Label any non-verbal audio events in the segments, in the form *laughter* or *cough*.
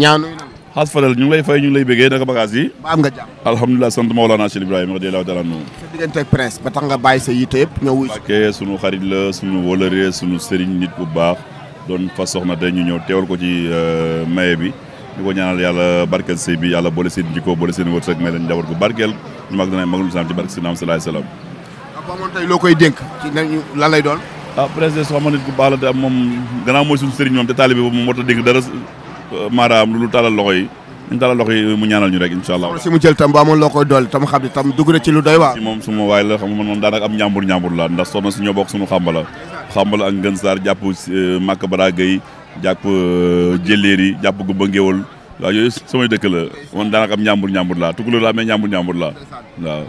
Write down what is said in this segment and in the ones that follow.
ñaanu xaas faral ñu ngi lay fay ñu ngi lay bëggee naka bagaas yi ba am nga jàmm alhamdulilah sant Maolana Cheikh Ibrahima radiyallahu taala anhu sa diggante ak presse ba tax nga bàyyi sa yitte yëpp ñëw wuy Mbacké sunu xarit la ko ci euh, maye bi di ko ñaanal barkeel bi yàlla boole seen jikko boole seen wërsëg may leen ñu mag dana ba moom tey loo koy dénk ah, la te moom gannaaw mooy sunu sëriñ moom te taalibe boobu moom war a dénk dara maanaam lu talal loxo yi ñu talal yi mu ñaanal ñu rek incha si mu jël tam ba amoon loo koy dool tam xam ne tam dugg na ci lu doy waa si moom suma waay la xam man moom daanaka am ñaambur ñaambur la ndax soxna si ñoo bokk suñu xambala xambala ak jàpp euh, màkk baraga yi jàpp euh, jëléer yi jàpp gumba ngéwal waaw yooyu samay dëkk la man daanaka am ñaambur ñaambur la tukulóor la mais ñaambur ñaambur la waaw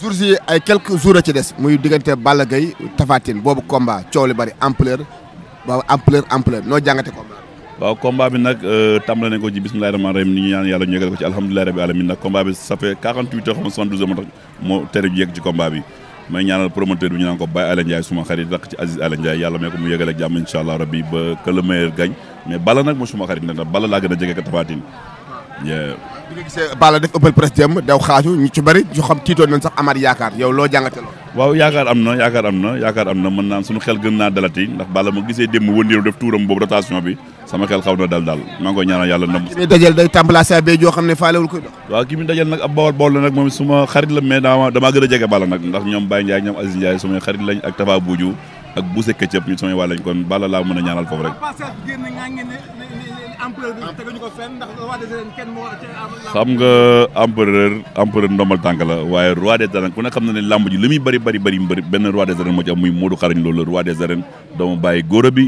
jours yi ay quelques jours a ci des muy diggante Balla Gaye Tapha Tine boobu combat coow li bari ba ampleur ampleur noo jàngate ko waaw combat bi nag euh, tàmbale nañ ko ci bismillahi rahmaani rahim ni ñu ñaan yàlla ñu yeggale ko ci alhamdulillahi rabbi alamin nag combat bi ça fait 48 heures xam moo tere ñu ci combat bi may ñaanal promoteur bi ñu ko Baye Alain suma xarit rakk ci Aziz Alain yàlla may ko mu yeggale ak insha allah rabbi ba que le meilleur gagne mais nag moo suma xarit nag Balla laa gën a jege ka Tapha Tine bi def open press jëm daw xaaju ñu ci bëri yaakaar yow loo jàngate lool waaw yaakaar am na yaakaar am na yaakaar am na mën naa suñu xel naa dalati ndax Balla ma gisee démb wëndeelu def bi sama xel xaw na dal daal maa ngi yalla ñaanal yàlla ndam. ki muy dajal day tàmbalaase abee joo xam ne faalewul koy dox. waaw ki muy dajal nag ab bawal bawal la nag moom suma xarit la mais dama damaa gën a jege Balla nag ndax ñoom Baye Ndiaye ñoom Aziz Ndiaye sumay xarit lañ ak Tafa Buju ak Bousse Këccëb ñu samay waa lañ kon Balla laa mën ñaanal foofu rek. xam nga empereur empereur ndombal tànk la waaye roi des arènes ku ne xam na ne làmb li muy bari bari bari benn roi des arènes moo ci am muy Modou Xarañ loolu la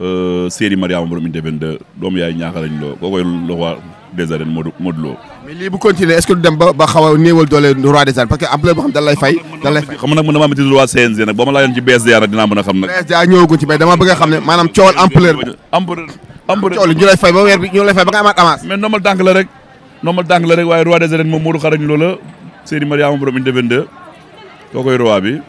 Euh, Séeri Mariama borom unité 22 doomu yaay ñaaxarañ loo koo koy loxwaa des arènes Modou Modou Lo est-ce que du dem ba ba xaw a néewal doole roi des parce que ampleur boo xam dañ fay dañ lay fay xam nag man damaa maîtrise waa nag boo ma laajoon ci BSDA nag dinaa mën a xam nag BSDA ñëwaguñ ci mais dama bëgg a xam ne maanaam coowal ampleur ampleur ampleur coowal fay ba weer bi ñu lay fay ba nga amaat avance mais normal dànk rek normal dànk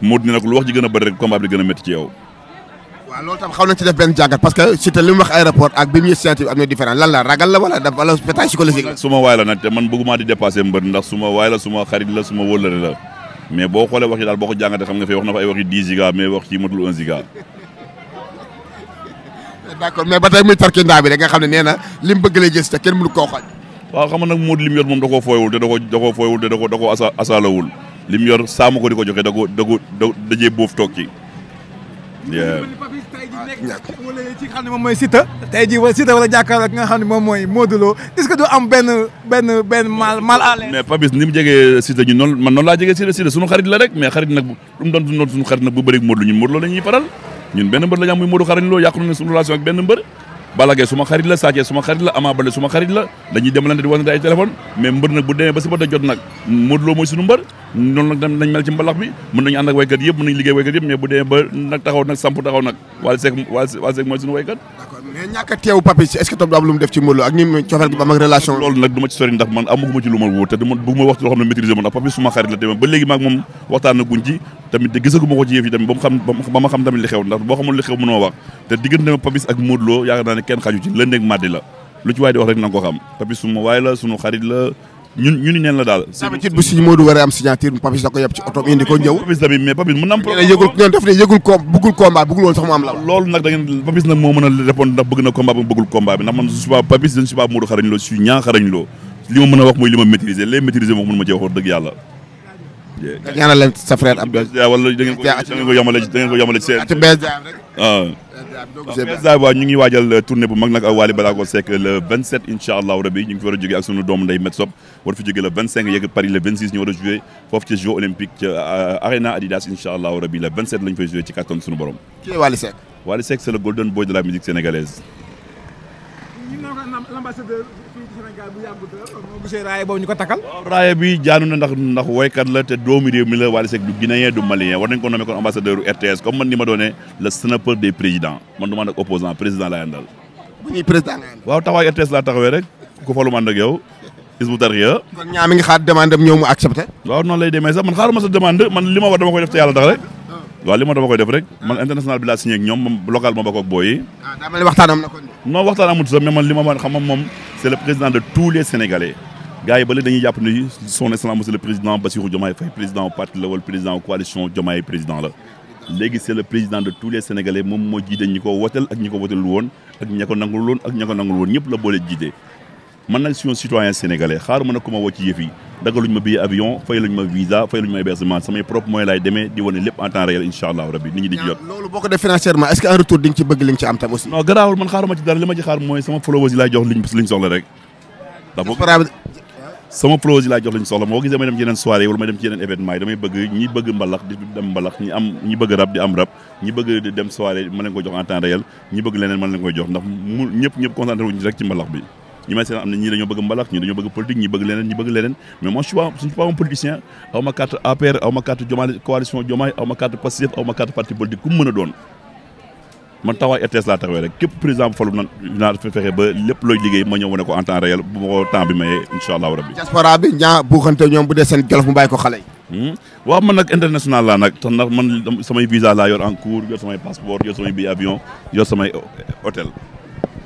Modou ne nag lu wax gën a bëri rek combat bi gën a métti ci yow. waaw loolu tam xaw nañ ci def la ragal la wala dafa te man bëgguma di dépassé ndax su ma waay la su ma xarit la su ma wóllare la mais boo xoolee wax yi boo ko jàngatee xam nga fii na matul 1 *laughs* d'accord mais ba tey muy tarki ndaa bi rek nga xam ne nee na li mu bëgg lay gis te kenn mënu koo xaj. waaw xam nga nag Modou li mu yor moom da koo fooywul te da koo da koo lim yor saamu ko di ko joxe da ko da ko dajee boof toog ci. ci xam ne moom mooy Siteu tey jii wala Siteu wala jàkkaarloo ak nga xam ne moom mooy Modou Lo est-ce que du am benn benn benn mal mal à l'aise mais Papis ni mu jegee Siteu ñu noonu man noonu laa jegee Siteu Siteu suñu xarit la rek mais xarit nag lu mu doon noonu suñu xarit nag bu bëri Modou Lo ñun Modou Lo la ñuy paral ñun benn mbër la ñu am muy Modou xarañ Lo yàqu na suñu relation ak benn mbër Balla Gaye suma xarit la Sa Thiès suma xarit la Ama Baldé suma xarit la dañuy demalante di wanante ay téléphone mais mbër nag bu demee ba si bata jot nag Modou Lo mooy suñu mbër noonu nag nañ mel ci mbalax bi mën nañu ànd ak waykat a teew ci lu ma wóor te dama ma wax ci loo xam ne ndax papi suma xarit la ba léegi maag moom waxtaan te gisaguma tamit Papis ak Modou Lo yaakaar naa kenn xaju ci lëndeg màddi la lu ci waaye di wax rek na ko xam Papis suma waay la sunu xarit la ñun ñu ni la daal. d'habitude bu si Modou waree am signature Papis da ko ci oto indi ko ñëw. Papis tamit mais Papis mën na am. yëgul ñoom daf ne yëgul ko bëggul combat bëggul am la. loolu nag da nag moo mën a répondre ndax bëgg na combat ba bëggul combat xarañ loo je ñaa xarañ loo li ma a wax mooy li ma maîtriser les maîtriser moom ma cee wax dëgg yàlla. ñu ngi waajal euh, tournée bu mag nag ak Wally Ballago Seck euh, le 27 incha ñu ngi fi war a jógee ak sunu doomu ndey Metsop war fi jógee le 25 yegg Paris le 26 ñu war a joué foofu ci Jeux olympiques ca euh, Arena Adidas incha allahu rabi le 27 lañ fay joué ci kattan sunu borom. kii Wally Seck. Wally Seck c'est golden boy de la musique sénégalaise. l'ambassadeur fii ci Sénégal bu yàgg bi jaanu na ndax ndax la te doomi réew mi la Wally Seck du du malien war nañ ko nommé kon ambassadeur RTS comme man ni ma doonee le sniper des présidents man du ma opposant président laay àndal. waaw taxawaay RTS laa taxawee rek ku falu ma ànd ak is bu tarxiya. kon ngi xaar demande am ñëw mu accepté. waaw noonu lay demee sax man xaaruma sa demande man li war dama koy def te yàlla rek. waaw li ma dama koy def rek man international bi laa signé ak ñoom moom local ma bokk ak booy yi. ah daa mel ni waxtaan am na kon. non waxtaan man li ma xam moom c'est le président de tous les Sénégalais. gars yi ba léegi ni son excellence monsieur le président Bassirou Diomaye Faye président au la wala président coalition Diomaye président la. léegi c'est le président de tous les Sénégalais moom moo jiite ñi ko wotel ak ñi ko wotelul woon ak ña ko nangul woon ñëpp la boole man nag suis un citoyen sénégalais xaaruma nag ku ma woo ci yëf yi dagaluñ ma billet avion fay luñ ma visa fay luñ ma hébergement samay propre moyen laay demee di wane lépp en temps réel incha allah rabbi nit ñi di jot boo ko def financièrement est-ce que en retour di nga ci bëgg liñ soxla rek sama followers yi jox liñ soxla moo gis damay dem ci yeneen soirée wala may dem ci yeneen événement yi damay bëgg ñi bëgg mbalax di dem mbalax ñi bëgg dem soirée ñëpp ñëpp bi ñi may seen am na ñii dañoo bëgg mbalax ñii dañoo bëgg leneen ñi bëgg leneen mais moi je suis politicien aw ma carte APR aw ma carte Diomaye coalition Diomaye aw ma carte Pastef aw ma carte parti politique ku doon man taxawaay RTS taxawee rek képp président bu falu na naa fexe ba lépp liggéey ma ñëw wane ko en temps réel temps bi mayee allahu rabbi ñaa buuxante ñoom bu dee seen jolof mu bàyyi ko xale hmm? waaw man nag international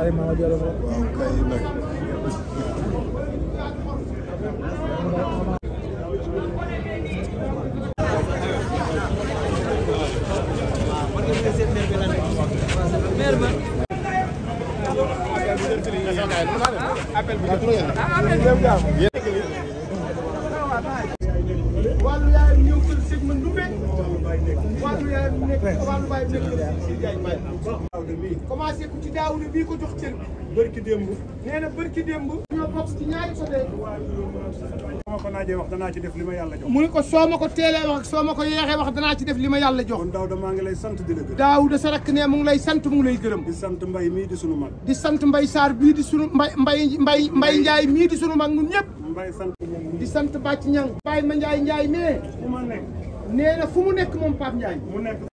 bàyyi Mama Diallo rek. waaw kay nag. appel bi commencé ku ci daawuda bi bërki démb nee na bërki démb ñoo bokk ci ñaari côté soo ma ko naajee wax danaa ci def li ma yàlla jox mu ne ko soo ma ko teelee wax ak soo ma ko yeexee wax danaa ci def li ma yàlla jox kon daawuda maa ngi lay sant di la gërëm daawuda sa rakk ne mu ngi lay sant mu ngi lay gërëm di sant mbay mii di sunu mag di sant mbay saar bii di sunu mbay mbay mbay mbay njaay mii di sunu mag ñun mbay sant di sant bàcc ñang mbay ma njaay njaay mee ma nee na fu mu nekk moom Pape Ndiaye.